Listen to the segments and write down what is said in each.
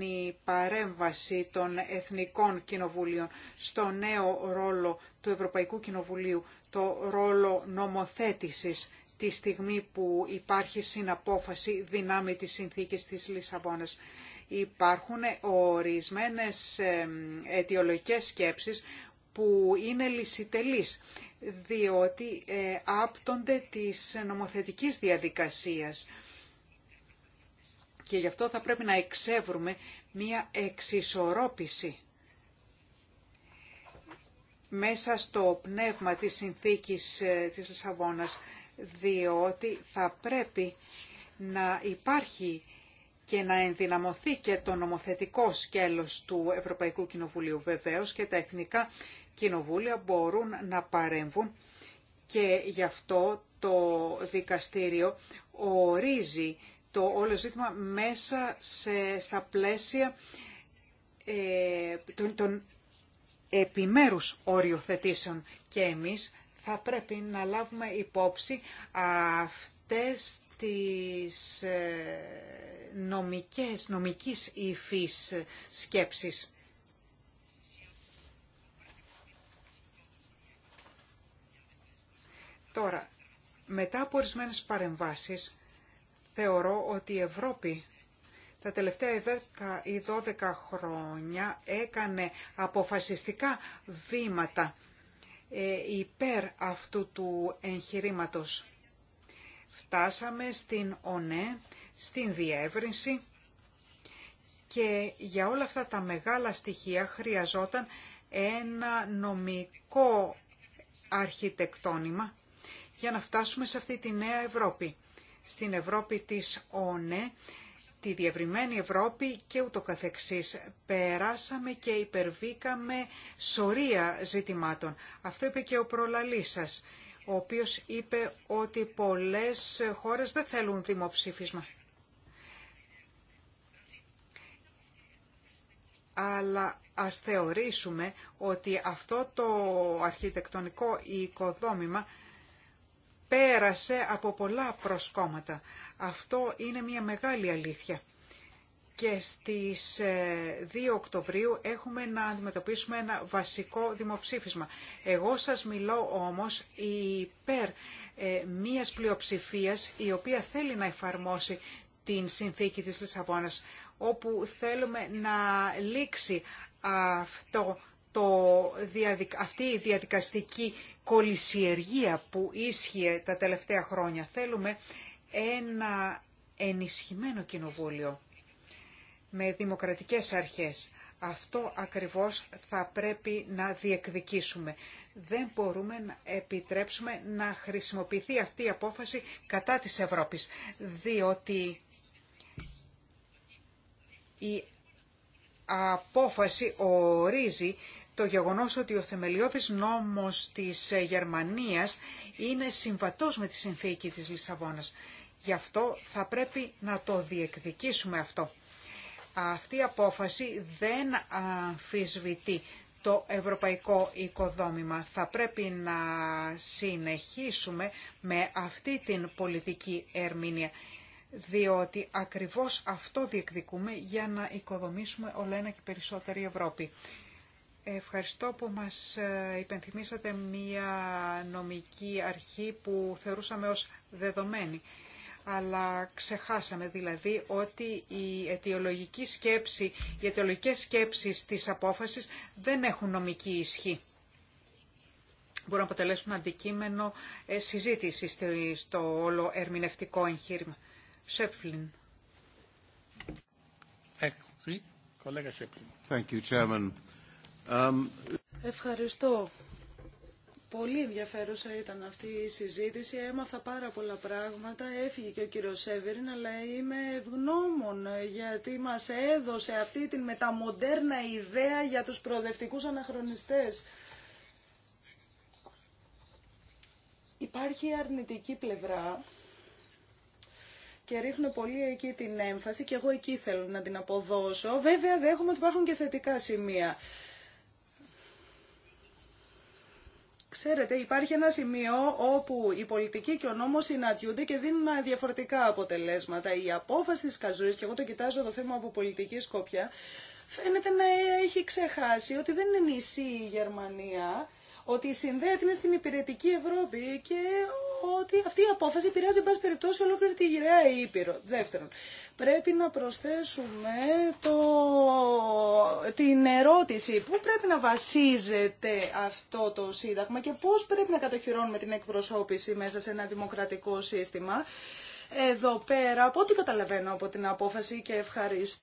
η παρέμβαση των Εθνικών Κοινοβουλίων στο νέο ρόλο του Ευρωπαϊκού Κοινοβουλίου, το ρόλο νομοθέτησης τη στιγμή που υπάρχει συναπόφαση δυνάμει της συνθήκης της Λισαβόνας. Υπάρχουν ορισμένες αιτιολογικές σκέψεις που είναι λυσιτελείς, διότι ε, άπτονται της νομοθετικής διαδικασίας και γι' αυτό θα πρέπει να εξεύρουμε μία εξισορρόπηση μέσα στο πνεύμα της συνθήκης ε, της Λισαβόνας, διότι θα πρέπει να υπάρχει και να ενδυναμωθεί και το νομοθετικό σκέλος του Ευρωπαϊκού Κοινοβουλίου. Βεβαίως και τα εθνικά κοινοβούλια μπορούν να παρέμβουν και γι' αυτό το δικαστήριο ορίζει το όλο ζήτημα μέσα σε, στα πλαίσια ε, των, των επιμέρους οριοθετήσεων και εμείς θα πρέπει να λάβουμε υπόψη αυτές τις ε, νομικές, νομικής υφής σκέψεις. Τώρα, μετά από ορισμένε παρεμβάσεις, θεωρώ ότι η Ευρώπη τα τελευταία 10 ή 12 χρόνια έκανε αποφασιστικά βήματα ε, υπέρ αυτού του εγχειρήματος. Φτάσαμε στην ΟΝΕ, στην διεύρυνση και για όλα αυτά τα μεγάλα στοιχεία χρειαζόταν ένα νομικό αρχιτεκτόνημα για να φτάσουμε σε αυτή τη νέα Ευρώπη στην Ευρώπη της ΩΝΕ, τη διευρυμένη Ευρώπη και ούτω καθεξής. Περάσαμε και υπερβήκαμε σωρία ζητημάτων. Αυτό είπε και ο προλαλής σας, ο οποίος είπε ότι πολλές χώρες δεν θέλουν δημοψήφισμα. Αλλά ας θεωρήσουμε ότι αυτό το αρχιτεκτονικό οικοδόμημα πέρασε από πολλά προσκόμματα. Αυτό είναι μια μεγάλη αλήθεια. Και στις 2 ε, Οκτωβρίου έχουμε να αντιμετωπίσουμε ένα βασικό δημοψήφισμα. Εγώ σας μιλώ όμως υπέρ ε, μιας πλειοψηφίας η οποία θέλει να εφαρμόσει την συνθήκη της Λισαβόνας, όπου θέλουμε να λήξει αυτό αυτή η διαδικαστική κολυσιεργία που ίσχυε τα τελευταία χρόνια. Θέλουμε ένα ενισχυμένο κοινοβούλιο με δημοκρατικές αρχές. Αυτό ακριβώς θα πρέπει να διεκδικήσουμε. Δεν μπορούμε να επιτρέψουμε να χρησιμοποιηθεί αυτή η απόφαση κατά της Ευρώπης, διότι η απόφαση ορίζει το γεγονός ότι ο θεμελιώδης νόμος της ε, Γερμανίας είναι συμβατός με τη συνθήκη της Λισαβόνας. Γι' αυτό θα πρέπει να το διεκδικήσουμε αυτό. Αυτή η απόφαση δεν αμφισβητεί το ευρωπαϊκό οικοδόμημα. Θα πρέπει να συνεχίσουμε με αυτή την πολιτική ερμηνεία, διότι ακριβώς αυτό διεκδικούμε για να οικοδομήσουμε όλα ένα και περισσότερη Ευρώπη. Ευχαριστώ που μας ε, υπενθυμίσατε μία νομική αρχή που θεωρούσαμε ως δεδομένη. Αλλά ξεχάσαμε δηλαδή ότι η αιτιολογική σκέψη, οι αιτιολογικές σκέψεις της απόφασης δεν έχουν νομική ισχύ. Μπορούν να αποτελέσουν αντικείμενο ε, συζήτηση στο όλο ερμηνευτικό εγχείρημα. Σέφλιν. Ε, Thank you, Chairman. Ευχαριστώ. Πολύ ενδιαφέρουσα ήταν αυτή η συζήτηση. Έμαθα πάρα πολλά πράγματα. Έφυγε και ο κύριο Σέβεριν, αλλά είμαι ευγνώμων γιατί μας έδωσε αυτή την μεταμοντέρνα ιδέα για τους προοδευτικούς αναχρονιστές. Υπάρχει αρνητική πλευρά και ρίχνω πολύ εκεί την έμφαση και εγώ εκεί θέλω να την αποδώσω. Βέβαια δέχομαι ότι υπάρχουν και θετικά σημεία. Ξέρετε, υπάρχει ένα σημείο όπου η πολιτική και ο νόμος συναντιούνται και δίνουν διαφορετικά αποτελέσματα. Η απόφαση της Καζούρη, και εγώ το κοιτάζω το θέμα από πολιτική σκόπια, φαίνεται να έχει ξεχάσει ότι δεν είναι νησί η Γερμανία, ότι συνδέεται στην υπηρετική Ευρώπη και ότι αυτή η απόφαση επηρεάζει, εν πάση περιπτώσει, ολόκληρη τη γυραιά Ήπειρο. Δεύτερον, πρέπει να προσθέσουμε το... την ερώτηση πού πρέπει να βασίζεται αυτό το Σύνταγμα και πώς πρέπει να κατοχυρώνουμε την εκπροσώπηση μέσα σε ένα δημοκρατικό σύστημα. Εδώ πέρα, από ό,τι καταλαβαίνω από την απόφαση και ευχαριστώ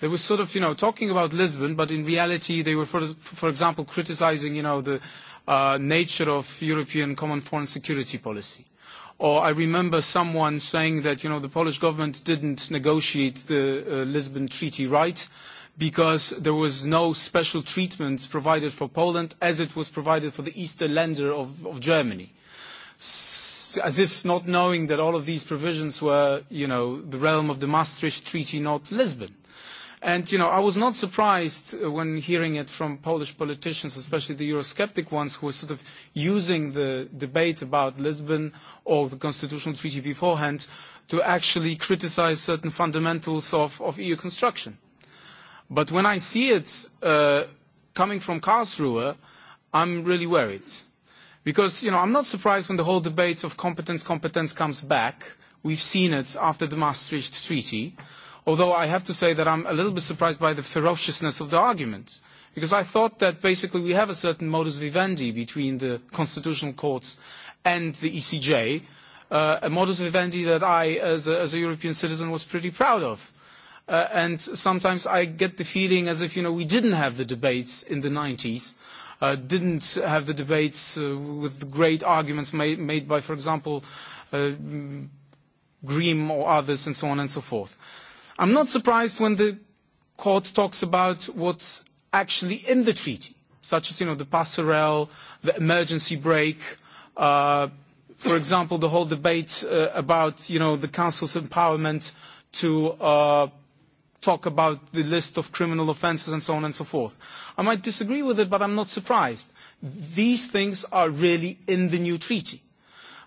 They were sort of, you know, talking about Lisbon, but in reality they were, for example, criticizing, you know, the nature of European common foreign security policy. Or I remember someone saying that, you know, the Polish government didn't negotiate the Lisbon Treaty right because there was no special treatment provided for Poland as it was provided for the eastern lender of Germany. As if not knowing that all of these provisions were, you know, the realm of the Maastricht Treaty, not Lisbon. And, you know, I was not surprised when hearing it from Polish politicians, especially the Eurosceptic ones, who were sort of using the debate about Lisbon or the constitutional treaty beforehand to actually criticise certain fundamentals of EU construction. But when I see it coming from Karlsruhe, I'm really worried. Because, you know, I'm not surprised when the whole debate of competence, competence comes back. We've seen it after the Maastricht Treaty although I have to say that I'm a little bit surprised by the ferociousness of the argument, because I thought that basically we have a certain modus vivendi between the constitutional courts and the ECJ, a modus vivendi that I, as a European citizen, was pretty proud of. And sometimes I get the feeling as if, you know, we didn't have the debates in the 90s, didn't have the debates with great arguments made by, for example, Grimm or others and so on and so forth. I'm not surprised when the court talks about what's actually in the treaty, such as, the passerelle, the emergency break, for example, the whole debate about, the Council's empowerment to talk about the list of criminal offences and so on and so forth. I might disagree with it, but I'm not surprised. These things are really in the new treaty.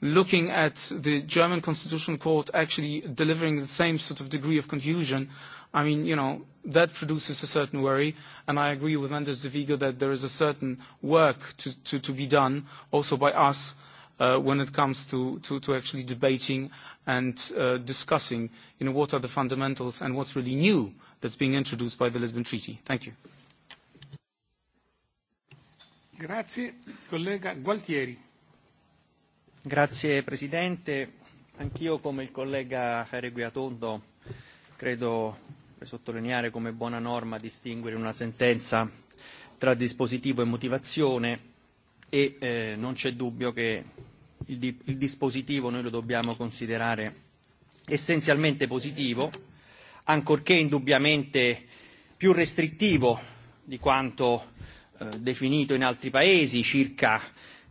looking at the German Constitutional Court actually delivering the same sort of degree of confusion, I mean, you know, that produces a certain worry, and I agree with Mendes de Vigo that there is a certain work to be done, also by us, when it comes to actually debating and discussing, you know, what are the fundamentals and what's really new that's being introduced by the Lisbon Treaty. Thank you. Grazie, collega Gualtieri. Grazie Presidente. Anch'io come il collega Reguiatondo credo per sottolineare come buona norma distinguere una sentenza tra dispositivo e motivazione e non c'è dubbio che il dispositivo noi lo dobbiamo considerare essenzialmente positivo, ancorché indubbiamente più restrittivo di quanto definito in altri paesi circa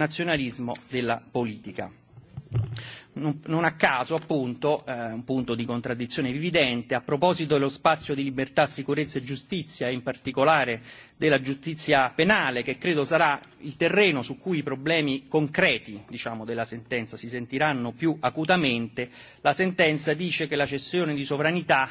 nazionalismo della politica. Non a caso, appunto, un punto di contraddizione evidente, a proposito dello spazio di libertà, sicurezza e giustizia, in particolare della giustizia penale, che credo sarà il terreno su cui i problemi concreti della sentenza si sentiranno più acutamente, la sentenza dice che la cessione di sovranità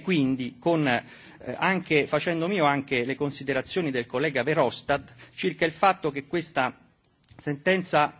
quindi facendo mio anche le considerazioni del collega Verhofstadt circa il fatto che questa sentenza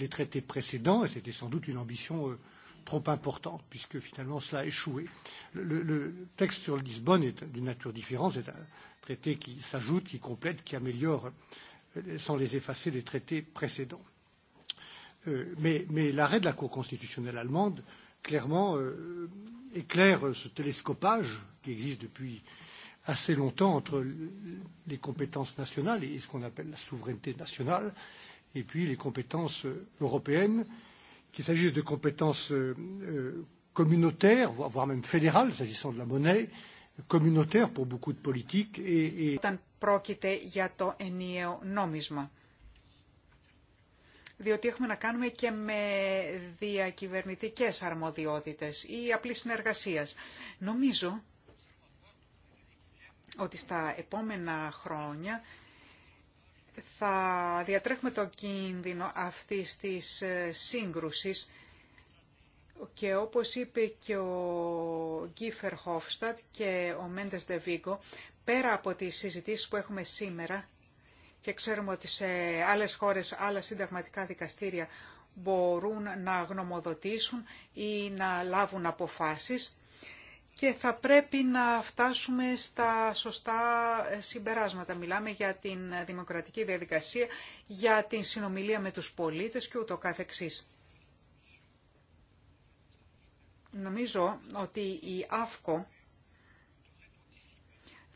les traités précédents, et c'était sans doute une ambition trop importante, puisque finalement cela a échoué. Le texte sur Lisbonne est d'une nature différente, c'est un traité qui s'ajoute, qui complète, qui améliore, sans les effacer, les traités précédents. Mais l'arrêt de la Cour constitutionnelle allemande, clairement, éclaire ce télescopage qui existe depuis assez longtemps entre les compétences nationales et ce qu'on appelle la souveraineté nationale et puis les compétences européennes, qu'il s'agisse de compétences communautaires, voire même fédérales, s'agissant de la monnaie, communautaires pour beaucoup de politiques. Et, Όταν πρόκειται για το ενιαίο νόμισμα. Διότι έχουμε να κάνουμε και με διακυβερνητικές αρμοδιότητες ή απλή συνεργασία. Νομίζω ότι στα επόμενα χρόνια θα διατρέχουμε το κίνδυνο αυτής της ε, σύγκρουσης και όπως είπε και ο Γκίφερ Χόφστατ και ο Μέντες Δεβίγκο, πέρα από τις συζητήσεις που έχουμε σήμερα και ξέρουμε ότι σε άλλες χώρες, άλλα συνταγματικά δικαστήρια μπορούν να γνωμοδοτήσουν ή να λάβουν αποφάσεις, και θα πρέπει να φτάσουμε στα σωστά ε, συμπεράσματα. Μιλάμε για την δημοκρατική διαδικασία, για την συνομιλία με τους πολίτες και ούτω καθεξής. Νομίζω ότι η ΑΦΚΟ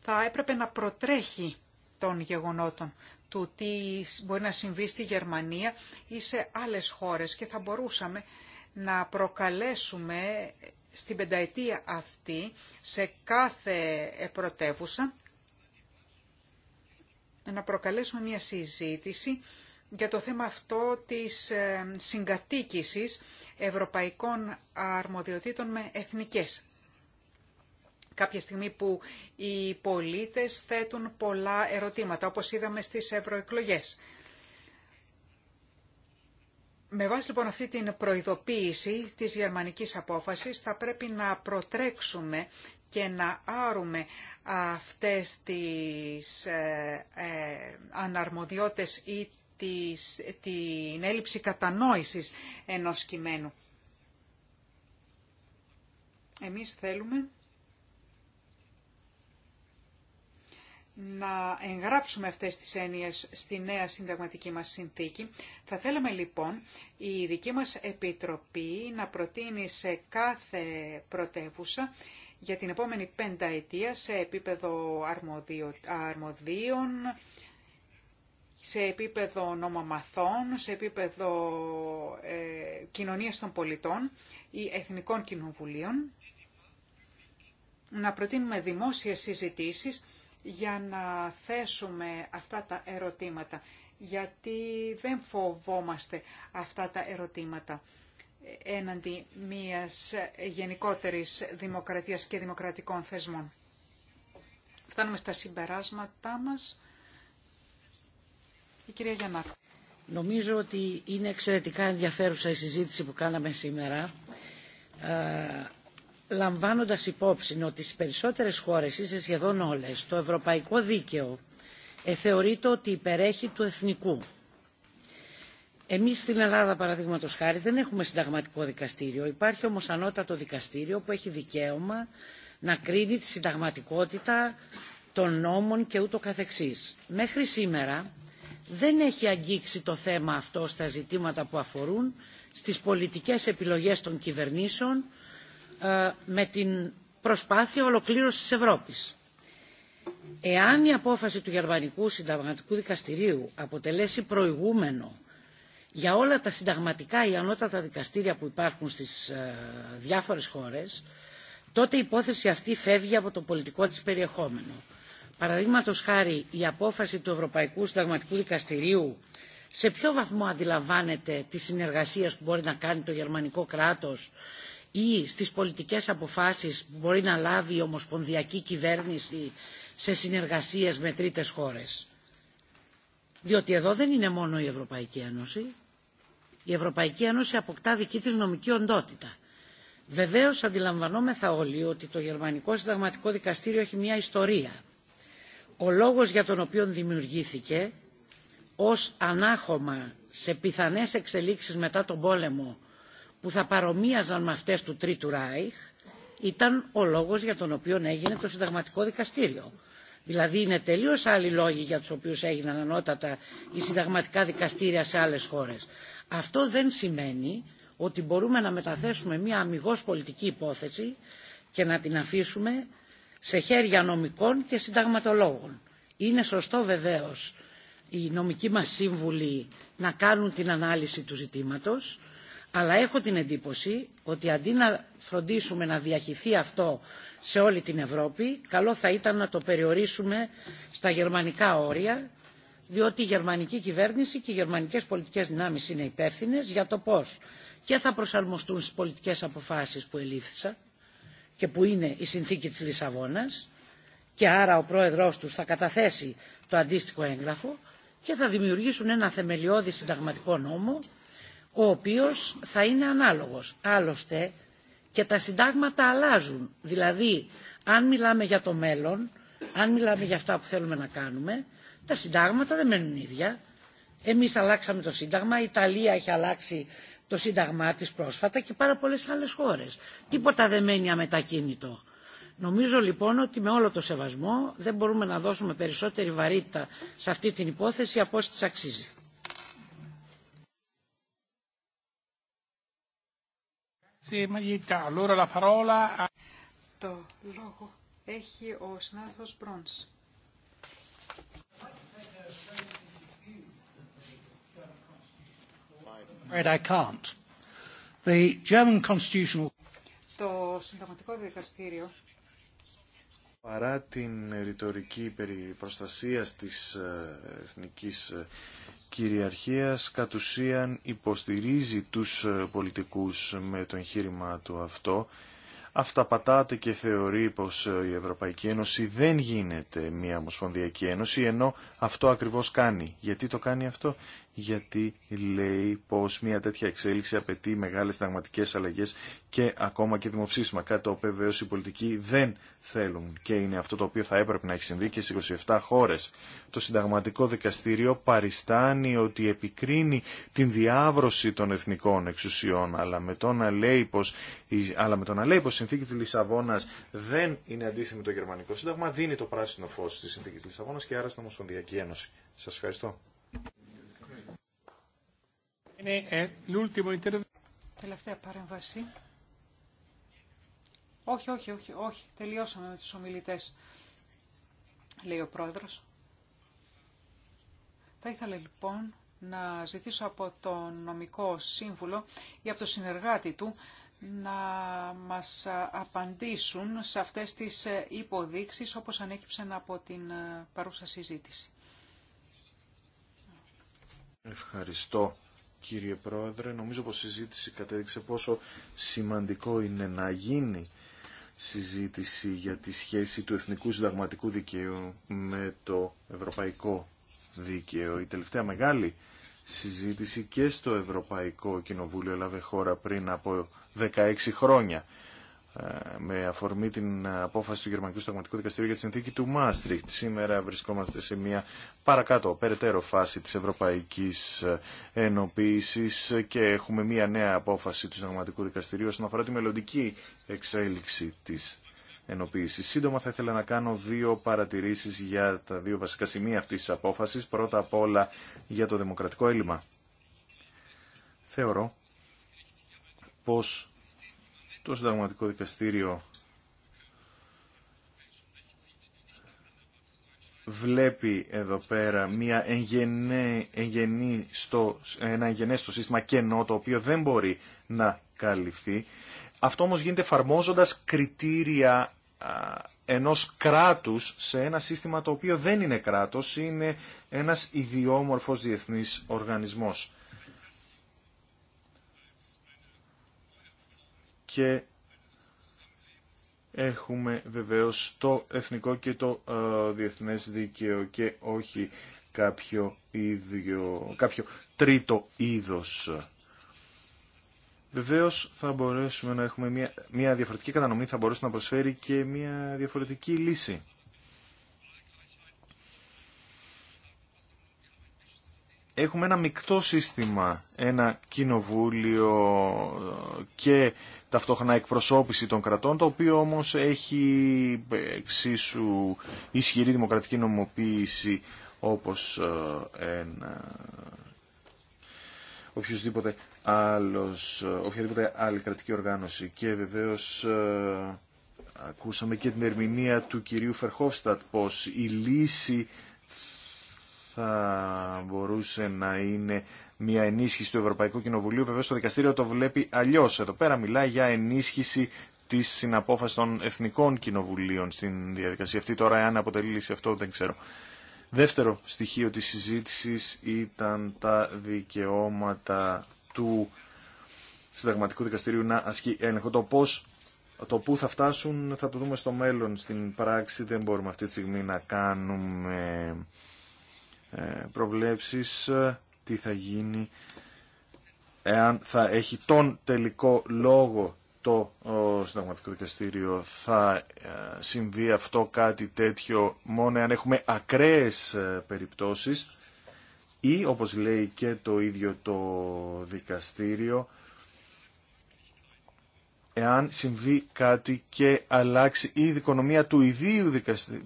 θα έπρεπε να προτρέχει των γεγονότων του τι μπορεί να συμβεί στη Γερμανία ή σε άλλες χώρες και θα μπορούσαμε να προκαλέσουμε στην πενταετία αυτή σε κάθε πρωτεύουσα να προκαλέσουμε μια συζήτηση για το θέμα αυτό της ε, συγκατοίκησης ευρωπαϊκών αρμοδιοτήτων με εθνικές. Κάποια στιγμή που οι πολίτες θέτουν πολλά ερωτήματα, όπως είδαμε στις ευρωεκλογές. Με βάση λοιπόν αυτή την προειδοποίηση της γερμανικής απόφασης θα πρέπει να προτρέξουμε και να άρουμε αυτές τις ε, ε αναρμοδιότητες ή την έλλειψη κατανόησης ενός κειμένου. Εμείς θέλουμε να εγγράψουμε αυτές τις έννοιες στη νέα συνταγματική μας συνθήκη. Θα θέλαμε λοιπόν η δική μας Επιτροπή να προτείνει σε κάθε πρωτεύουσα για την επόμενη πενταετία σε επίπεδο αρμοδίων, σε επίπεδο νομομαθών, σε επίπεδο ε, κοινωνίας των πολιτών ή εθνικών κοινοβουλίων, να προτείνουμε δημόσιες συζητήσεις για να θέσουμε αυτά τα ερωτήματα, γιατί δεν φοβόμαστε αυτά τα ερωτήματα έναντι μίας γενικότερης δημοκρατίας και δημοκρατικών θεσμών. Φτάνουμε στα συμπεράσματά μας. Η κυρία Γιαννάκου. Νομίζω ότι είναι εξαιρετικά ενδιαφέρουσα η συζήτηση που κάναμε σήμερα ε, λαμβάνοντας υπόψη ότι στις περισσότερες χώρες ή σε σχεδόν όλες το ευρωπαϊκό δίκαιο θεωρείται ότι υπερέχει του εθνικού. Εμείς στην Ελλάδα, παραδείγματο χάρη, δεν έχουμε συνταγματικό δικαστήριο. Υπάρχει όμως ανώτατο δικαστήριο που έχει δικαίωμα να κρίνει τη συνταγματικότητα των νόμων και ούτω καθεξής. Μέχρι σήμερα δεν έχει αγγίξει το θέμα αυτό στα ζητήματα που αφορούν στις πολιτικές επιλογές των κυβερνήσεων ε, με την προσπάθεια ολοκλήρωσης της Ευρώπης. Εάν η απόφαση του Γερμανικού Συνταγματικού Δικαστηρίου αποτελέσει προηγούμενο για όλα τα συνταγματικά ή ανώτατα δικαστήρια που υπάρχουν στις ε, διάφορες χώρες, τότε η υπόθεση αυτή φεύγει από το πολιτικό της περιεχόμενο. Παραδείγματο χάρη η απόφαση του Ευρωπαϊκού Συνταγματικού Δικαστηρίου σε ποιο βαθμό αντιλαμβάνεται τη συνεργασία που μπορεί να κάνει το γερμανικό κράτος ή στις πολιτικές αποφάσεις που μπορεί να λάβει η ομοσπονδιακή κυβέρνηση σε συνεργασίες με τρίτες χώρες. Διότι εδώ δεν είναι μόνο η Ευρωπαϊκή Ένωση. Η Ευρωπαϊκή Ένωση αποκτά δική της νομική οντότητα. Βεβαίως αντιλαμβανόμεθα όλοι ότι το Γερμανικό Συνταγματικό Δικαστήριο έχει μια ιστορία. Ο λόγος για τον οποίο δημιουργήθηκε ως ανάχωμα σε πιθανές εξελίξεις μετά τον πόλεμο που θα παρομοίαζαν με αυτές του Τρίτου Ράιχ ήταν ο λόγος για τον οποίο έγινε το συνταγματικό δικαστήριο. Δηλαδή είναι τελείως άλλοι λόγοι για τους οποίους έγιναν ανώτατα οι συνταγματικά δικαστήρια σε άλλες χώρες. Αυτό δεν σημαίνει ότι μπορούμε να μεταθέσουμε μια αμυγός πολιτική υπόθεση και να την αφήσουμε σε χέρια νομικών και συνταγματολόγων. Είναι σωστό βεβαίως οι νομικοί μας σύμβουλοι να κάνουν την ανάλυση του ζητήματος αλλά έχω την εντύπωση ότι αντί να φροντίσουμε να διαχυθεί αυτό σε όλη την Ευρώπη, καλό θα ήταν να το περιορίσουμε στα γερμανικά όρια, διότι η γερμανική κυβέρνηση και οι γερμανικές πολιτικές δυνάμεις είναι υπεύθυνε για το πώς και θα προσαρμοστούν στις πολιτικές αποφάσεις που ελήφθησαν και που είναι η συνθήκη της Λισαβόνας και άρα ο πρόεδρός τους θα καταθέσει το αντίστοιχο έγγραφο και θα δημιουργήσουν ένα θεμελιώδη συνταγματικό νόμο ο οποίος θα είναι ανάλογος. Άλλωστε και τα συντάγματα αλλάζουν. Δηλαδή, αν μιλάμε για το μέλλον, αν μιλάμε για αυτά που θέλουμε να κάνουμε, τα συντάγματα δεν μένουν ίδια. Εμείς αλλάξαμε το σύνταγμα, η Ιταλία έχει αλλάξει το σύνταγμά της πρόσφατα και πάρα πολλές άλλες χώρες. Τίποτα δεν μένει αμετακίνητο. Νομίζω λοιπόν ότι με όλο το σεβασμό δεν μπορούμε να δώσουμε περισσότερη βαρύτητα σε αυτή την υπόθεση από όσοι της αξίζει. Το λόγο έχει ο συνάδελφος Μπρόντς. Το Συνταγματικό Δικαστήριο παρά την ρητορική περί προστασίας της ε, εθνικής ε, κυριαρχίας κατ' ουσίαν υποστηρίζει τους ε, πολιτικούς με το εγχείρημα του αυτό αυταπατάται και θεωρεί πως ε, η Ευρωπαϊκή Ένωση δεν γίνεται μια ομοσπονδιακή ένωση, ενώ αυτό ακριβώς κάνει. Γιατί το κάνει αυτό? Γιατί λέει πως μια τέτοια εξέλιξη απαιτεί μεγάλες συνταγματικές αλλαγές και ακόμα και δημοψήφισμα, κάτι το οποίο βεβαίως οι πολιτικοί δεν θέλουν και είναι αυτό το οποίο θα έπρεπε να έχει συμβεί και στις 27 χώρες. Το συνταγματικό δικαστήριο παριστάνει ότι επικρίνει την διάβρωση των εθνικών εξουσιών, αλλά με το να λέει πως, αλλά με το να πως συνθήκη τη Λισαβόνα δεν είναι αντίθετη με το Γερμανικό Σύνταγμα, δίνει το πράσινο φω στη συνθήκη τη Λισαβόνα και άρα στην Ομοσπονδιακή Ένωση. Σα ευχαριστώ. Ε, Τελευταία παρέμβαση. Όχι, όχι, όχι, όχι. Τελειώσαμε με τους ομιλητές, λέει ο πρόεδρος. Θα ήθελα λοιπόν να ζητήσω από τον νομικό σύμβουλο ή από τον συνεργάτη του να μας απαντήσουν σε αυτές τις υποδείξεις όπως ανέκυψαν από την παρούσα συζήτηση. Ευχαριστώ κύριε Πρόεδρε. Νομίζω πως η συζήτηση κατέδειξε πόσο σημαντικό είναι να γίνει συζήτηση για τη σχέση του Εθνικού Συνταγματικού Δικαίου με το Ευρωπαϊκό Δίκαιο. Η τελευταία μεγάλη συζήτηση και στο Ευρωπαϊκό Κοινοβούλιο έλαβε χώρα πριν από 16 χρόνια ε, με αφορμή την απόφαση του Γερμανικού Σταγματικού Δικαστηρίου για τη συνθήκη του Μάστριχτ. Σήμερα βρισκόμαστε σε μια παρακάτω, περαιτέρω φάση της ευρωπαϊκής ε, ενοποίησης και έχουμε μια νέα απόφαση του Σταγματικού Δικαστηρίου όσον αφορά τη μελλοντική εξέλιξη της ενοποίηση. Σύντομα θα ήθελα να κάνω δύο παρατηρήσεις για τα δύο βασικά σημεία αυτής της απόφασης. Πρώτα απ' όλα για το δημοκρατικό έλλειμμα. Θεωρώ πως το Συνταγματικό Δικαστήριο βλέπει εδώ πέρα μια εγγενή, εγγενή στο, ένα εγγενές στο σύστημα κενό το οποίο δεν μπορεί να καλυφθεί αυτό όμως γίνεται εφαρμόζοντας κριτήρια ενός κράτους σε ένα σύστημα το οποίο δεν είναι κράτος, είναι ένας ιδιόμορφος διεθνής οργανισμός. Και έχουμε βεβαίως το εθνικό και το ε, διεθνές δίκαιο και όχι κάποιο, ίδιο, κάποιο τρίτο είδος βεβαίως θα μπορέσουμε να έχουμε μια, μια διαφορετική κατανομή, θα μπορέσουμε να προσφέρει και μια διαφορετική λύση. Έχουμε ένα μεικτό σύστημα, ένα κοινοβούλιο και ταυτόχρονα εκπροσώπηση των κρατών, το οποίο όμως έχει εξίσου ισχυρή δημοκρατική νομοποίηση όπως ε, ένα οποιουσδήποτε άλλος, οποιαδήποτε άλλη κρατική οργάνωση. Και βεβαίως ε, ακούσαμε και την ερμηνεία του κυρίου Φερχόφστατ πως η λύση θα μπορούσε να είναι μια ενίσχυση του Ευρωπαϊκού Κοινοβουλίου. Βεβαίως το δικαστήριο το βλέπει αλλιώς. Εδώ πέρα μιλάει για ενίσχυση της συναπόφασης των εθνικών κοινοβουλίων στην διαδικασία αυτή. Τώρα αν αποτελεί λύση αυτό δεν ξέρω. Δεύτερο στοιχείο της συζήτησης ήταν τα δικαιώματα του Συνταγματικού Δικαστηρίου να ασκεί έλεγχο. Το πώς, το πού θα φτάσουν θα το δούμε στο μέλλον. Στην πράξη δεν μπορούμε αυτή τη στιγμή να κάνουμε ε, προβλέψεις ε, τι θα γίνει εάν θα έχει τον τελικό λόγο το Συνταγματικό Δικαστήριο θα ε, συμβεί αυτό κάτι τέτοιο μόνο αν έχουμε ακραίες περιπτώσεις ή όπως λέει και το ίδιο το δικαστήριο εάν συμβεί κάτι και αλλάξει η δικονομία του ιδίου,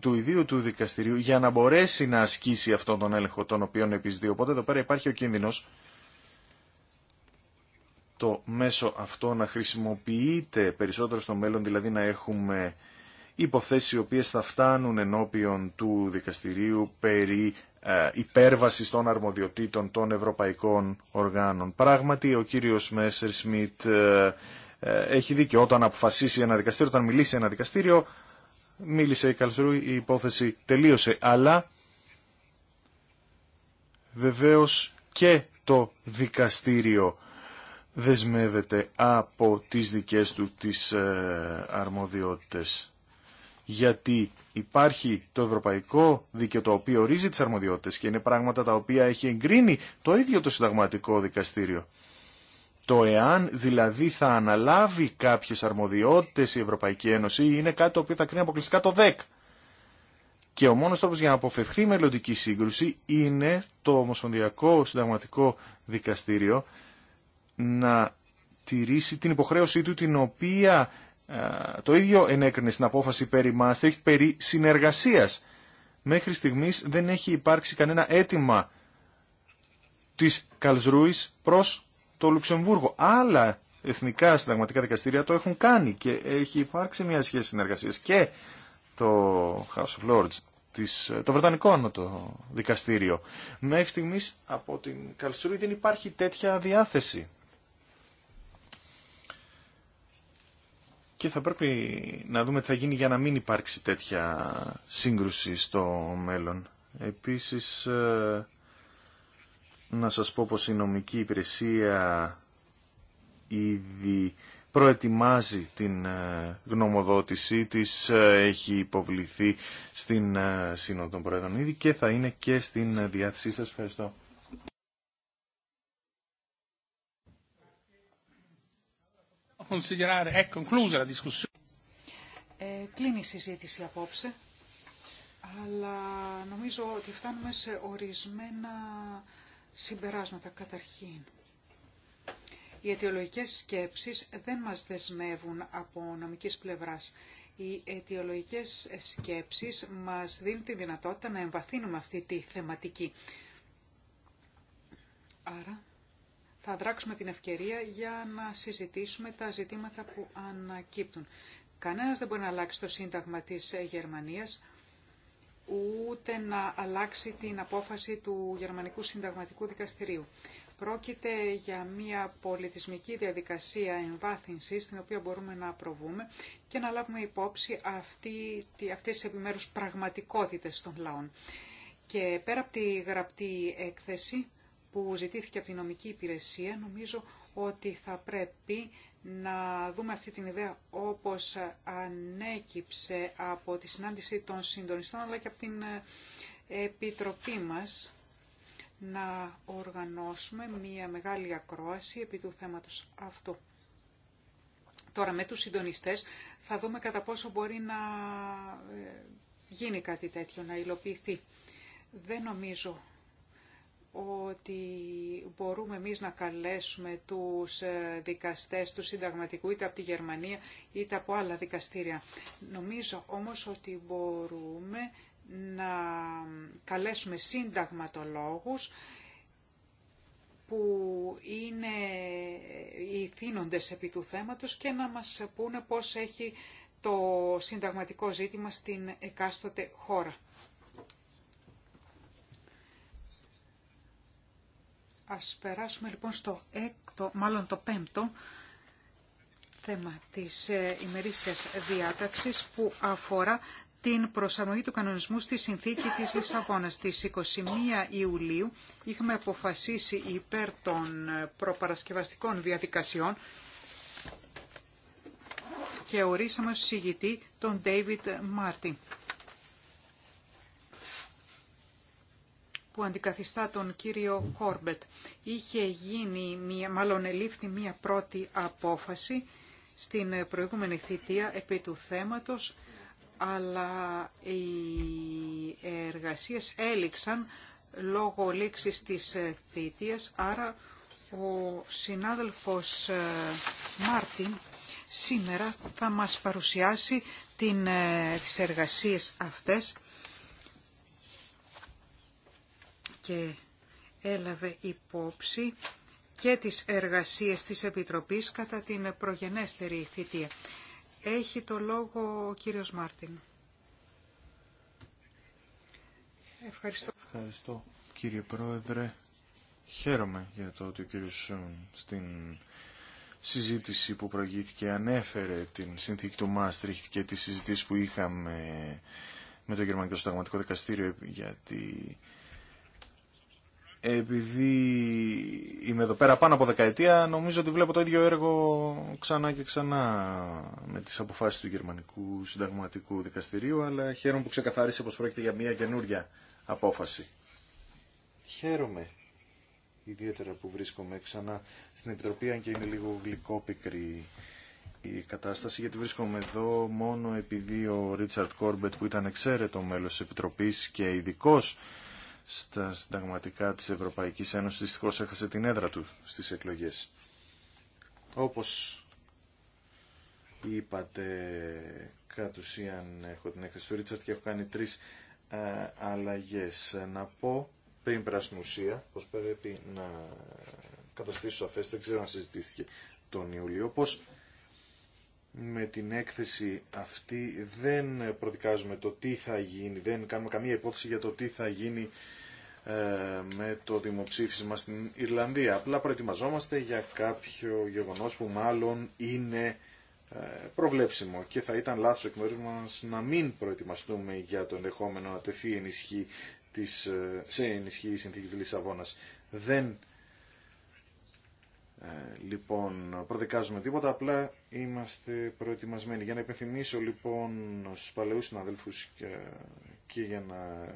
του ιδίου δικαστηρίου για να μπορέσει να ασκήσει αυτόν τον έλεγχο τον οποίο επιζητεί. Οπότε εδώ πέρα υπάρχει ο κίνδυνος το μέσο αυτό να χρησιμοποιείται περισσότερο στο μέλλον, δηλαδή να έχουμε υποθέσεις οι οποίες θα φτάνουν ενώπιον του δικαστηρίου περί ε, υπέρβαση των αρμοδιοτήτων των ευρωπαϊκών οργάνων. Πράγματι, ο κύριος Μέσερ Σμιτ ε, ε, έχει δίκιο. Όταν αποφασίσει ένα δικαστήριο, όταν μιλήσει ένα δικαστήριο, μίλησε η Καλσρούη, η υπόθεση τελείωσε. Αλλά βεβαίως και το δικαστήριο δεσμεύεται από τις δικές του τις αρμοδιότητες γιατί υπάρχει το ευρωπαϊκό δίκαιο το οποίο ορίζει τις αρμοδιότητες και είναι πράγματα τα οποία έχει εγκρίνει το ίδιο το συνταγματικό δικαστήριο. Το εάν δηλαδή θα αναλάβει κάποιες αρμοδιότητες η Ευρωπαϊκή Ένωση είναι κάτι το οποίο θα κρίνει αποκλειστικά το ΔΕΚ. Και ο μόνος τρόπος για να αποφευχθεί η μελλοντική σύγκρουση είναι το Ομοσπονδιακό Συνταγματικό Δικαστήριο να τηρήσει την υποχρέωσή του την οποία ε, το ίδιο ενέκρινε στην απόφαση περί Μάστριχτ περί συνεργασίας. Μέχρι στιγμής δεν έχει υπάρξει κανένα αίτημα της Καλσρούης προς το Λουξεμβούργο. Άλλα εθνικά συνταγματικά δικαστήρια το έχουν κάνει και έχει υπάρξει μια σχέση συνεργασίας και το House of Lords, της, το Βρετανικό Ανώτο Δικαστήριο. Μέχρι στιγμής από την Καλσρούη δεν υπάρχει τέτοια διάθεση. και θα πρέπει να δούμε τι θα γίνει για να μην υπάρξει τέτοια σύγκρουση στο μέλλον. Επίσης, ε, να σας πω πως η νομική υπηρεσία ήδη προετοιμάζει την ε, γνωμοδότησή της, ε, έχει υποβληθεί στην Σύνοδο των Προέδρων ήδη και θα είναι και στην διάθεσή σας. Ευχαριστώ. Ε, κλείνει η συζήτηση απόψε, αλλά νομίζω ότι φτάνουμε σε ορισμένα συμπεράσματα καταρχήν. Οι αιτιολογικές σκέψεις δεν μας δεσμεύουν από νομικής πλευράς. Οι αιτιολογικές σκέψεις μας δίνουν τη δυνατότητα να εμβαθύνουμε αυτή τη θεματική. Άρα θα δράξουμε την ευκαιρία για να συζητήσουμε τα ζητήματα που ανακύπτουν. Κανένας δεν μπορεί να αλλάξει το Σύνταγμα της Γερμανίας, ούτε να αλλάξει την απόφαση του Γερμανικού Συνταγματικού Δικαστηρίου. Πρόκειται για μια πολιτισμική διαδικασία εμβάθυνσης, την οποία μπορούμε να προβούμε και να λάβουμε υπόψη αυτή, αυτές τις επιμέρους πραγματικότητες των λαών. Και πέρα από τη γραπτή έκθεση, που ζητήθηκε από την νομική υπηρεσία, νομίζω ότι θα πρέπει να δούμε αυτή την ιδέα όπως ανέκυψε από τη συνάντηση των συντονιστών αλλά και από την ε, Επιτροπή μας να οργανώσουμε μια μεγάλη ακρόαση επί του θέματος αυτού. Τώρα με τους συντονιστές θα δούμε κατά πόσο μπορεί να ε, γίνει κάτι τέτοιο, να υλοποιηθεί. Δεν νομίζω ότι μπορούμε εμείς να καλέσουμε τους ε, δικαστές του συνταγματικού είτε από τη Γερμανία είτε από άλλα δικαστήρια. Νομίζω όμως ότι μπορούμε να καλέσουμε συνταγματολόγους που είναι οι θύνοντες επί του θέματος και να μας πούνε πώς έχει το συνταγματικό ζήτημα στην εκάστοτε χώρα. Ας περάσουμε λοιπόν στο έκτο, μάλλον το πέμπτο θέμα της ε, ημερήσιας διάταξης που αφορά την προσαρμογή του κανονισμού στη συνθήκη της Λισαβόνας. Στις 21 Ιουλίου είχαμε αποφασίσει υπέρ των ε, προπαρασκευαστικών διαδικασιών και ορίσαμε ως συγητή τον David Μάρτιν. που αντικαθιστά τον κύριο Κόρμπετ. Είχε γίνει, μία, μάλλον ελήφθη μία πρώτη απόφαση στην προηγούμενη θητεία επί του θέματος, αλλά οι εργασίες έληξαν λόγω λήξης της θητείας, άρα ο συνάδελφος ε, Μάρτιν σήμερα θα μας παρουσιάσει την, ε, τις εργασίες αυτές και έλαβε υπόψη και τις εργασίες της Επιτροπής κατά την προγενέστερη θητεία. Έχει το λόγο ο κύριος Μάρτιν. Ευχαριστώ. Ευχαριστώ κύριε Πρόεδρε. Χαίρομαι για το ότι ο κύριος Σούν στην συζήτηση που προηγήθηκε ανέφερε την συνθήκη του Μάστριχτ και τις συζητήσεις που είχαμε με το Γερμανικό Συνταγματικό Δικαστήριο γιατί επειδή είμαι εδώ πέρα πάνω από δεκαετία, νομίζω ότι βλέπω το ίδιο έργο ξανά και ξανά με τις αποφάσεις του Γερμανικού Συνταγματικού Δικαστηρίου, αλλά χαίρομαι που ξεκαθάρισε πως πρόκειται για μια καινούρια απόφαση. Χαίρομαι ιδιαίτερα που βρίσκομαι ξανά στην Επιτροπή, αν και είναι λίγο γλυκόπικρη η κατάσταση, γιατί βρίσκομαι εδώ μόνο επειδή ο Ρίτσαρτ Κόρμπετ, που ήταν εξαίρετο μέλος της Επιτροπής και ειδικό στα συνταγματικά της Ευρωπαϊκής Ένωσης δυστυχώς έχασε την έδρα του στις εκλογές. Όπως είπατε κάτω ουσίαν έχω την έκθεση του Ρίτσαρτ και έχω κάνει τρεις ε, αλλαγές. Να πω πριν περάσουμε ουσία πως πρέπει να καταστήσω σαφές, δεν ξέρω αν συζητήθηκε τον Ιούλιο, πως με την έκθεση αυτή δεν προδικάζουμε το τι θα γίνει, δεν κάνουμε καμία υπόθεση για το τι θα γίνει ε, με το δημοψήφισμα στην Ιρλανδία. Απλά προετοιμαζόμαστε για κάποιο γεγονός που μάλλον είναι ε, προβλέψιμο και θα ήταν λάθος εκ μέρους να μην προετοιμαστούμε για το ενδεχόμενο να τεθεί της, ε, σε ενισχύ η συνθήκη της Λισαβόνας. Δεν λοιπόν, προδικάζουμε τίποτα, απλά είμαστε προετοιμασμένοι. Για να υπενθυμίσω λοιπόν στους παλαιούς συναδέλφους και, και για να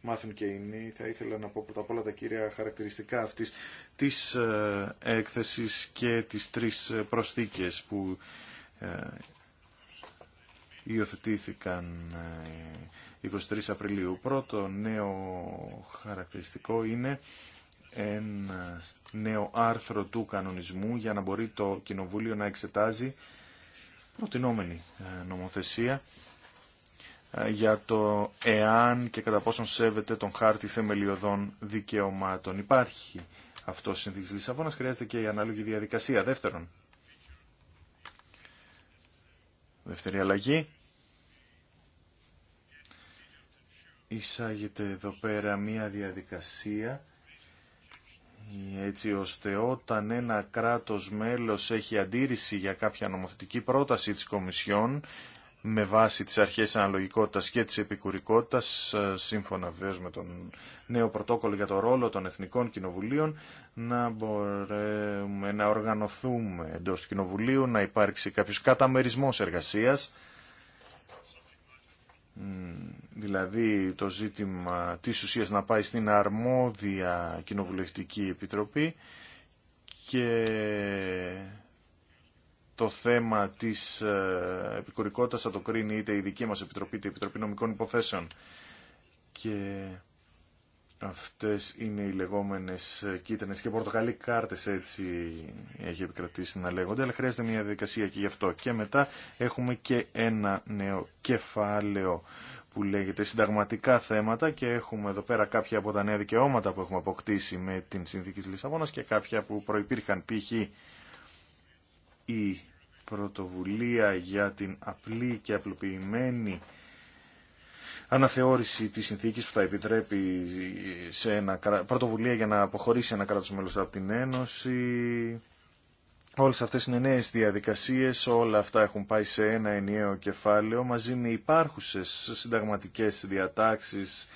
μάθουν και οι Θα ήθελα να πω πρώτα απ' όλα τα κύρια χαρακτηριστικά αυτής της ε, έκθεσης και τις τρεις ε, προσθήκες που ε, υιοθετήθηκαν 23 Απριλίου. Πρώτο νέο χαρακτηριστικό είναι ένα νέο άρθρο του κανονισμού για να μπορεί το Κοινοβούλιο να εξετάζει προτινόμενη νομοθεσία ε, για το εάν και κατά πόσον σέβεται τον χάρτη θεμελιωδών δικαιωμάτων. Υπάρχει αυτό συνθήκη Λισαβόνα, χρειάζεται και η ανάλογη διαδικασία. Δεύτερον, δεύτερη αλλαγή. Εισάγεται εδώ πέρα μία διαδικασία έτσι ώστε όταν ένα κράτος μέλος έχει αντίρρηση για κάποια νομοθετική πρόταση της Κομισιόν με βάση τις αρχές αναλογικότητας και της επικουρικότητας, ε, σύμφωνα βέβαια με τον νέο πρωτόκολλο για το ρόλο των Εθνικών Κοινοβουλίων, να μπορούμε να οργανωθούμε εντός Κοινοβουλίου, να υπάρξει κάποιος καταμερισμός εργασίας, δηλαδή το ζήτημα της ουσίας να πάει στην αρμόδια Κοινοβουλευτική Επιτροπή και το θέμα της ε, επικουρικότητας θα το κρίνει είτε η δική μας Επιτροπή είτε η Επιτροπή Νομικών Υποθέσεων. Και αυτές είναι οι λεγόμενες ε, κίτρινες και πορτοκαλί κάρτες έτσι έχει επικρατήσει να λέγονται, αλλά χρειάζεται μια διαδικασία και γι' αυτό. Και μετά έχουμε και ένα νέο κεφάλαιο που λέγεται συνταγματικά θέματα και έχουμε εδώ πέρα κάποια από τα νέα δικαιώματα που έχουμε αποκτήσει με την Συνθήκη της Λισαβόνας και κάποια που προϋπήρχαν π.χ. η πρωτοβουλία για την απλή και απλοποιημένη αναθεώρηση της συνθήκης που θα επιτρέπει σε ένα, πρωτοβουλία για να αποχωρήσει ένα κράτος μέλος από την Ένωση. Όλες αυτές είναι νέες διαδικασίες, όλα αυτά έχουν πάει σε ένα ενιαίο κεφάλαιο μαζί με υπάρχουσες συνταγματικές διατάξεις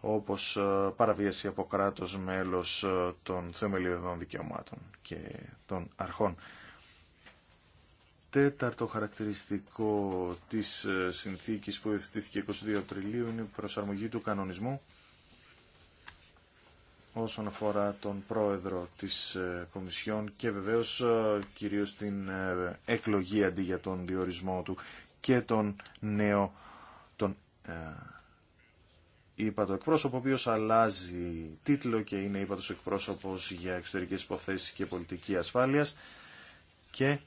όπως ε, παραβίαση από κράτος μέλος ε, των θεμελιωδών δικαιωμάτων και των αρχών τέταρτο χαρακτηριστικό της ε, συνθήκης που ευθύθηκε 22 Απριλίου είναι η προσαρμογή του κανονισμού όσον αφορά τον πρόεδρο της ε, Κομισιόν και βεβαίως ε, κυρίως την εκλογή αντί για τον διορισμό του και τον νέο τον είπα εκπρόσωπο, ο οποίος αλλάζει τίτλο και είναι είπα εκπρόσωπος για εξωτερικές υποθέσεις και πολιτική ασφάλειας και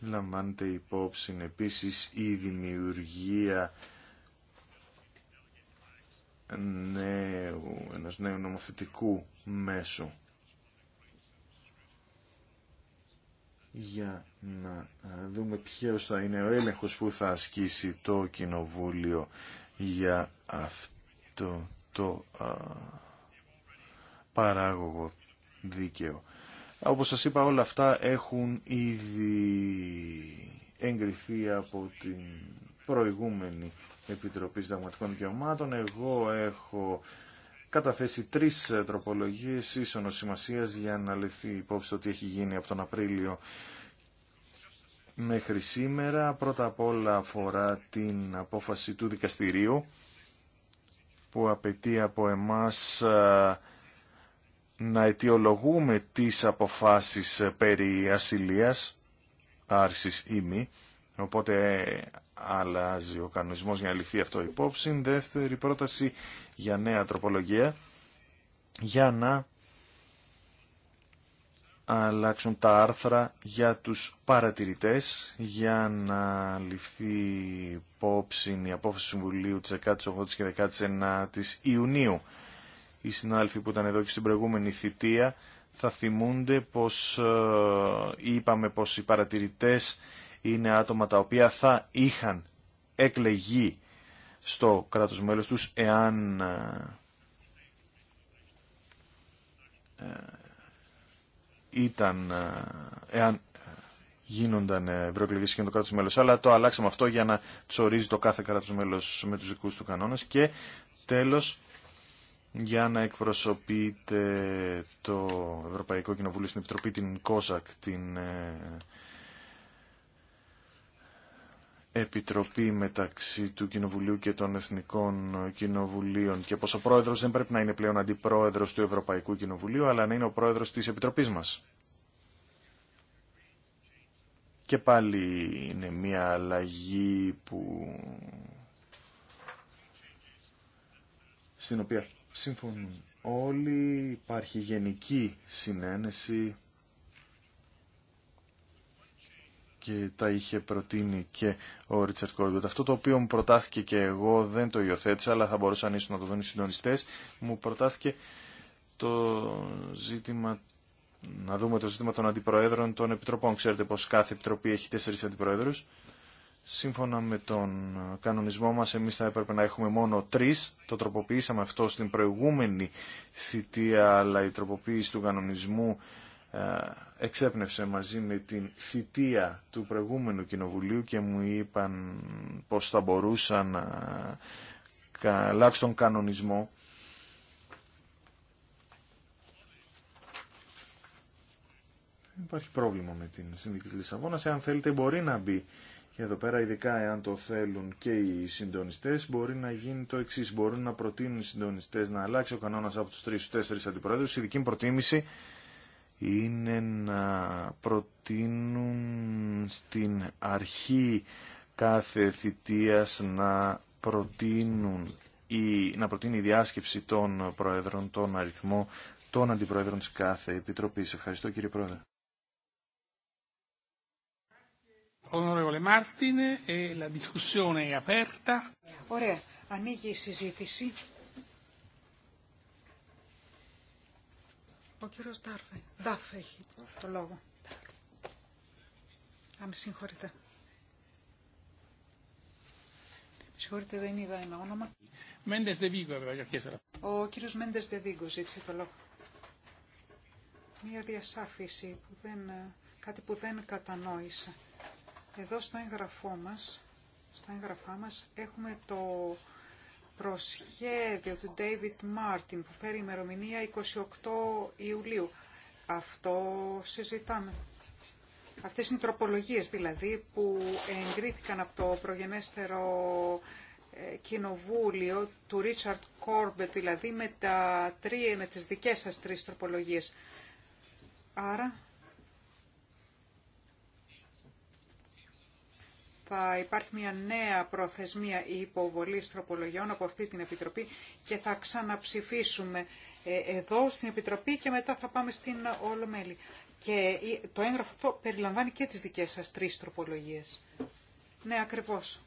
Λαμβάνεται υπόψη επίσης η δημιουργία νέου, ενός νέου νομοθετικού μέσου για να δούμε ποιος θα είναι ο έλεγχος που θα ασκήσει το Κοινοβούλιο για αυτό το α, παράγωγο δίκαιο. Όπως σας είπα όλα αυτά έχουν ήδη εγκριθεί από την προηγούμενη Επιτροπή Συνταγματικών Δικαιωμάτων. Εγώ έχω καταθέσει τρεις τροπολογίες ίσονος σημασίας για να ληφθεί υπόψη ότι έχει γίνει από τον Απρίλιο μέχρι σήμερα. Πρώτα απ' όλα αφορά την απόφαση του δικαστηρίου που απαιτεί από εμάς να αιτιολογούμε τις αποφάσεις περί ασυλίας, άρσης ή μη, οπότε ε, αλλάζει ο κανονισμός για να ληφθεί αυτό υπόψη. Δεύτερη πρόταση για νέα τροπολογία, για να αλλάξουν τα άρθρα για τους παρατηρητές για να ληφθεί υπόψη η απόφαση του Συμβουλίου της 18ης και 19 Ιουνίου οι συνάδελφοι που ήταν εδώ και στην προηγούμενη θητεία θα θυμούνται πως ε, είπαμε πως οι παρατηρητές είναι άτομα τα οποία θα είχαν εκλεγεί στο κράτος μέλος τους εάν ε, ε, ήταν, εάν γίνονταν ευρωεκλογέ και το κράτο μέλο. Αλλά το αλλάξαμε αυτό για να τσορίζει το κάθε κράτο μέλο με του δικού του κανόνε. Και τέλο, για να εκπροσωπείτε το Ευρωπαϊκό Κοινοβούλιο στην Επιτροπή, την ΚΟΣΑΚ, την ε, Επιτροπή μεταξύ του Κοινοβουλίου και των Εθνικών Κοινοβουλίων και πως ο πρόεδρος δεν πρέπει να είναι πλέον αντιπρόεδρος του Ευρωπαϊκού Κοινοβουλίου, αλλά να είναι ο πρόεδρος της Επιτροπής μας. Και πάλι είναι μια αλλαγή που... στην οποία συμφωνούν όλοι, υπάρχει γενική συνένεση και τα είχε προτείνει και ο Ρίτσαρτ Κόρμπετ. Αυτό το οποίο μου προτάθηκε και εγώ δεν το υιοθέτησα, αλλά θα μπορούσαν ίσως να το δουν οι συντονιστές. Μου προτάθηκε το ζήτημα να δούμε το ζήτημα των αντιπροέδρων των επιτροπών. Ξέρετε πως κάθε επιτροπή έχει τέσσερις αντιπροέδρους Σύμφωνα με τον κανονισμό μας, εμείς θα έπρεπε να έχουμε μόνο τρεις. Το τροποποιήσαμε αυτό στην προηγούμενη θητεία, αλλά η τροποποίηση του κανονισμού ε, εξέπνευσε μαζί με την θητεία του προηγούμενου κοινοβουλίου και μου είπαν πως θα μπορούσα να αλλάξω τον κανονισμό. Υπάρχει πρόβλημα με την Συνδίκη της Λισαβόνας. Εάν θέλετε μπορεί να μπει και εδώ πέρα, ειδικά εάν το θέλουν και οι συντονιστέ, μπορεί να γίνει το εξή. Μπορούν να προτείνουν οι συντονιστέ να αλλάξει ο κανόνα από του τρει στου τέσσερι αντιπροέδρου. Η δική μου προτίμηση είναι να προτείνουν στην αρχή κάθε θητείας να προτείνουν ή να προτείνει η διάσκεψη των προέδρων, τον αριθμό των αντιπροέδρων της κάθε επιτροπής. Ευχαριστώ κύριε Πρόεδρε. E Ωραία. Ανοίγει η συζήτηση. Ο κύριος Ντάρφε. Ντάφ έχει το λόγο. Α, με συγχωρείτε. Με συγχωρείτε, δεν είδα ένα όνομα. Μέντες Ο κύριος Μέντες Δεβίγκο ζήτησε το λόγο. Μία διασάφηση που δεν, κάτι που δεν κατανόησα. Εδώ στο έγγραφό μας, στα έγγραφά μας έχουμε το προσχέδιο του David Martin που φέρει ημερομηνία 28 Ιουλίου. Αυτό συζητάμε. Αυτές είναι οι τροπολογίες δηλαδή που εγκρίθηκαν από το προγενέστερο ε, κοινοβούλιο του Richard Corbett δηλαδή με, τα τρία, με τις δικές σας τρεις τροπολογίες. Άρα θα υπάρχει μια νέα προθεσμία υποβολή τροπολογιών από αυτή την Επιτροπή και θα ξαναψηφίσουμε ε, εδώ στην Επιτροπή και μετά θα πάμε στην Ολομέλη. Και το έγγραφο αυτό περιλαμβάνει και τις δικές σας τρεις τροπολογίες. Ναι, ακριβώς.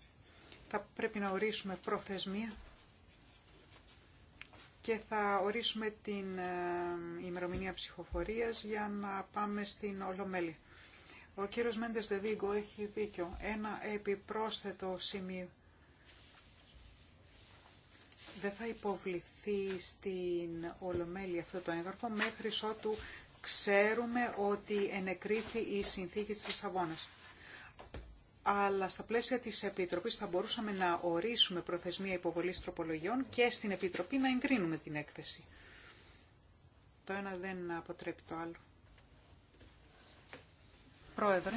Θα πρέπει να ορίσουμε προθεσμία και θα ορίσουμε την ε, ημερομηνία ψηφοφορίας για να πάμε στην Ολομέλη. Ο κύριος Μέντες Δεβίγκο έχει δίκιο. Ένα επιπρόσθετο σημείο δεν θα υποβληθεί στην Ολομέλη αυτό το έγγραφο μέχρι ότου ξέρουμε ότι ενεκρίθη η συνθήκη της Λισαβόνας. Αλλά στα πλαίσια της Επιτροπής θα μπορούσαμε να ορίσουμε προθεσμία υποβολής τροπολογιών και στην Επιτροπή να εγκρίνουμε την έκθεση. Το ένα δεν αποτρέπει το άλλο. Πρόεδρε,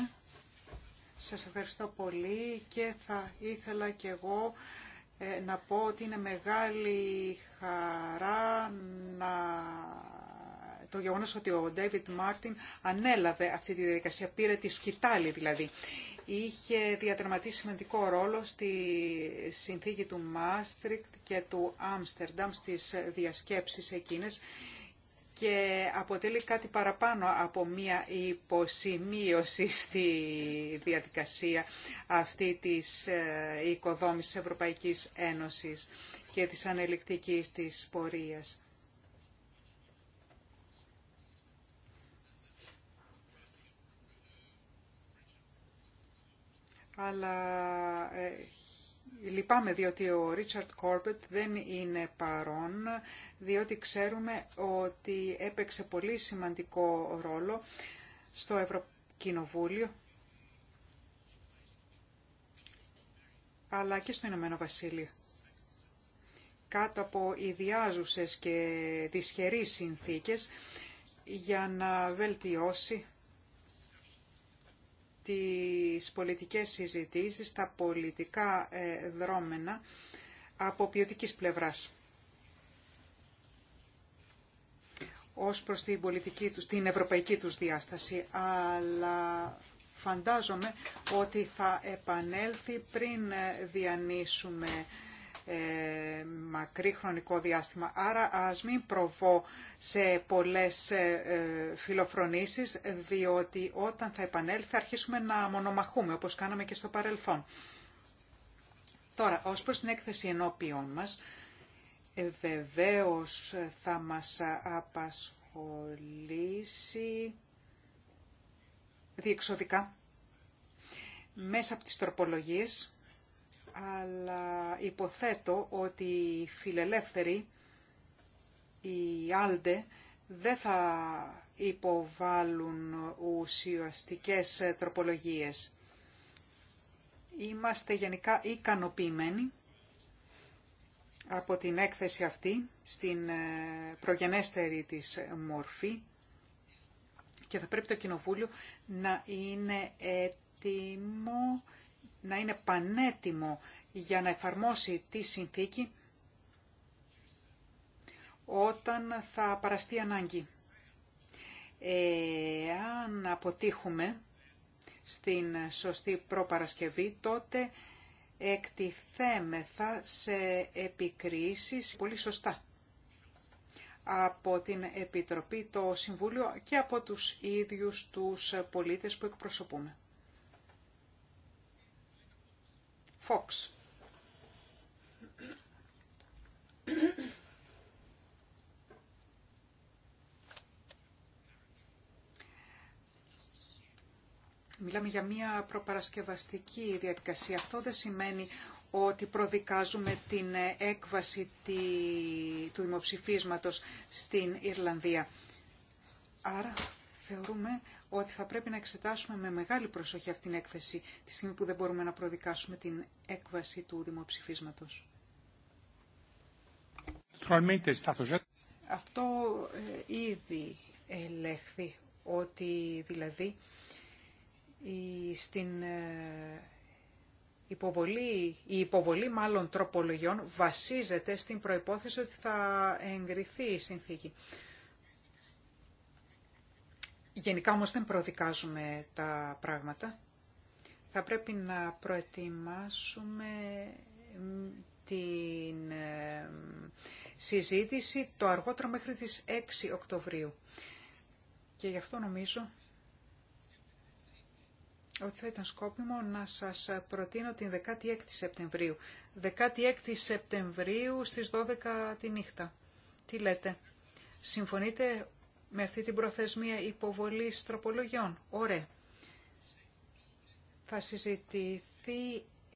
σας ευχαριστώ πολύ και θα ήθελα και εγώ ε, να πω ότι είναι μεγάλη χαρά να... το γεγονός ότι ο Ντέιβιτ Μάρτιν ανέλαβε αυτή τη διαδικασία, πήρε τη σκητάλη δηλαδή. Είχε διατερματίσει σημαντικό ρόλο στη συνθήκη του Μάστρικτ και του Άμστερνταμ στις διασκέψεις εκείνες και αποτελεί κάτι παραπάνω από μία υποσημείωση στη διαδικασία αυτή της ε, οικοδόμησης Ευρωπαϊκής Ένωσης και της ανελικτικής της πορείας. Αλλά ε, Λυπάμαι διότι ο Ρίτσαρτ Κόρμπετ δεν είναι παρόν, διότι ξέρουμε ότι έπαιξε πολύ σημαντικό ρόλο στο Ευρωκοινοβούλιο, αλλά και στο Ηνωμένο Βασίλειο. Κάτω από ιδιάζουσες και δυσχερείς συνθήκες για να βελτιώσει τις πολιτικές συζητήσεις, τα πολιτικά ε, δρόμενα από ποιοτικής πλευράς. ως προς την, πολιτική τους, την ευρωπαϊκή τους διάσταση, αλλά φαντάζομαι ότι θα επανέλθει πριν ε, διανύσουμε ε, μακρύ χρονικό διάστημα. Άρα ας μην προβώ σε πολλές ε, ε, φιλοφρονήσεις, διότι όταν θα επανέλθει θα αρχίσουμε να μονομαχούμε, όπως κάναμε και στο παρελθόν. Τώρα, ως προς την έκθεση ενώπιών μας, βεβαίως θα μας απασχολήσει διεξοδικά μέσα από τις τροπολογίες αλλά υποθέτω ότι οι φιλελεύθεροι, οι άλτε, δεν θα υποβάλουν ουσιαστικές τροπολογίες. Είμαστε γενικά ικανοποιημένοι από την έκθεση αυτή στην ε, προγενέστερη της μορφή και θα πρέπει το Κοινοβούλιο να είναι έτοιμο να είναι πανέτοιμο για να εφαρμόσει τη συνθήκη όταν θα παραστεί ανάγκη. Εάν αποτύχουμε στην σωστή προπαρασκευή, τότε εκτιθέμεθα σε επικρίσεις πολύ σωστά από την Επιτροπή, το Συμβούλιο και από τους ίδιους τους πολίτες που εκπροσωπούμε. Μιλάμε για μια προπαρασκευαστική διαδικασία. Αυτό δεν σημαίνει ότι προδικάζουμε την έκβαση του δημοψηφίσματος στην Ιρλανδία. Άρα θεωρούμε ότι θα πρέπει να εξετάσουμε με μεγάλη προσοχή αυτήν την έκθεση τη στιγμή που δεν μπορούμε να προδικάσουμε την έκβαση του δημοψηφίσματος. Αυτό ε, ήδη ελέγχθη ότι δηλαδή στην ε, υποβολή, η υποβολή μάλλον τροπολογιών βασίζεται στην προϋπόθεση ότι θα εγκριθεί η συνθήκη. Γενικά όμως δεν προδικάζουμε τα πράγματα. Θα πρέπει να προετοιμάσουμε την ε, συζήτηση το αργότερο μέχρι τις 6 Οκτωβρίου. Και γι' αυτό νομίζω ότι θα ήταν σκόπιμο να σας προτείνω την 16 Σεπτεμβρίου. 16 Σεπτεμβρίου στις 12 τη νύχτα. Τι λέτε, συμφωνείτε με αυτή την προθεσμία υποβολής τροπολογιών. Ωραία. Θα συζητηθεί